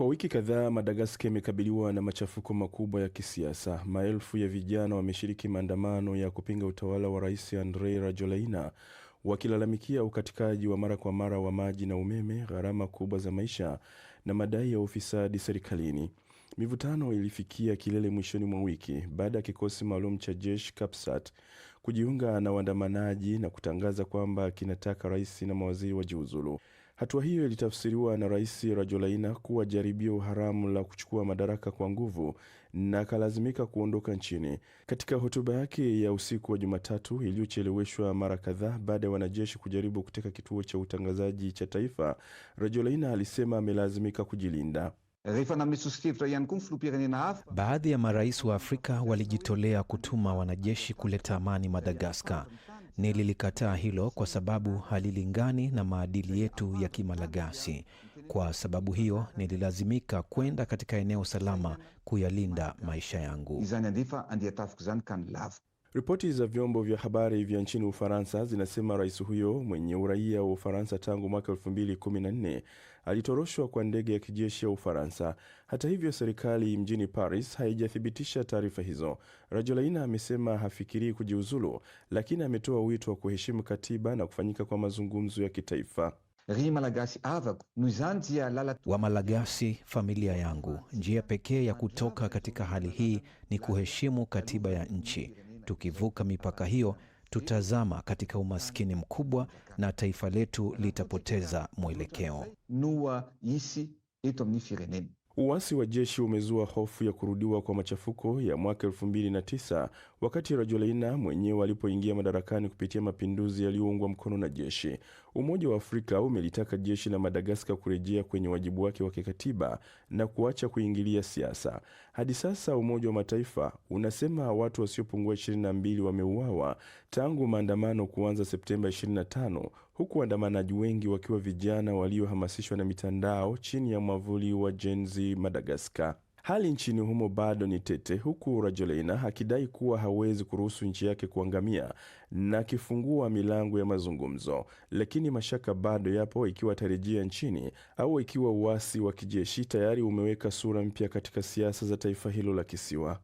Kwa wiki kadhaa Madagascar imekabiliwa na machafuko makubwa ya kisiasa. Maelfu ya vijana wameshiriki maandamano ya kupinga utawala wa Rais Andry Rajoelina, wakilalamikia ukatikaji wa mara kwa mara wa maji na umeme, gharama kubwa za maisha na madai ya ufisadi serikalini. Mivutano ilifikia kilele mwishoni mwa wiki baada ya kikosi maalum cha jeshi CAPSAT kujiunga na waandamanaji na kutangaza kwamba kinataka rais na mawaziri wajiuzulu. Hatua hiyo ilitafsiriwa na Rais Rajolaina kuwa jaribio haramu la kuchukua madaraka kwa nguvu na akalazimika kuondoka nchini. Katika hotuba yake ya usiku wa Jumatatu iliyocheleweshwa mara kadhaa baada ya wanajeshi kujaribu kuteka kituo cha utangazaji cha taifa, Rajolaina alisema amelazimika kujilinda. Baadhi ya marais wa Afrika walijitolea kutuma wanajeshi kuleta amani Madagaskar, Nililikataa hilo kwa sababu halilingani na maadili yetu ya Kimalagasi. Kwa sababu hiyo, nililazimika kwenda katika eneo salama kuyalinda maisha yangu. Ripoti za vyombo vya habari vya nchini Ufaransa zinasema rais huyo mwenye uraia wa Ufaransa tangu mwaka 2014 alitoroshwa kwa ndege ya kijeshi ya Ufaransa. Hata hivyo, serikali mjini Paris haijathibitisha taarifa hizo. Rajolaina amesema hafikirii kujiuzulu, lakini ametoa wito wa kuheshimu katiba na kufanyika kwa mazungumzo ya kitaifa. malagasi familia yangu, njia pekee ya kutoka katika hali hii ni kuheshimu katiba ya nchi. Tukivuka mipaka hiyo, tutazama katika umaskini mkubwa na taifa letu litapoteza mwelekeo. Uasi wa jeshi umezua hofu ya kurudiwa kwa machafuko ya mwaka tisa wakati Rajoelina mwenyewe alipoingia madarakani kupitia mapinduzi yaliyoungwa mkono na jeshi. Umoja wa Afrika umelitaka jeshi la Madagaskar kurejea kwenye wajibu wake wa kikatiba na kuacha kuingilia siasa. Hadi sasa Umoja wa Mataifa unasema watu wasiopungua 22 wameuawa tangu maandamano kuanza Septemba 25 huku waandamanaji wengi wakiwa vijana waliohamasishwa na mitandao chini ya mwavuli wa jenzi madagaskar Hali nchini humo bado ni tete, huku Rajoelina akidai kuwa hawezi kuruhusu nchi yake kuangamia na akifungua milango ya mazungumzo, lakini mashaka bado yapo ikiwa atarejea nchini au ikiwa uasi wa kijeshi tayari umeweka sura mpya katika siasa za taifa hilo la kisiwa.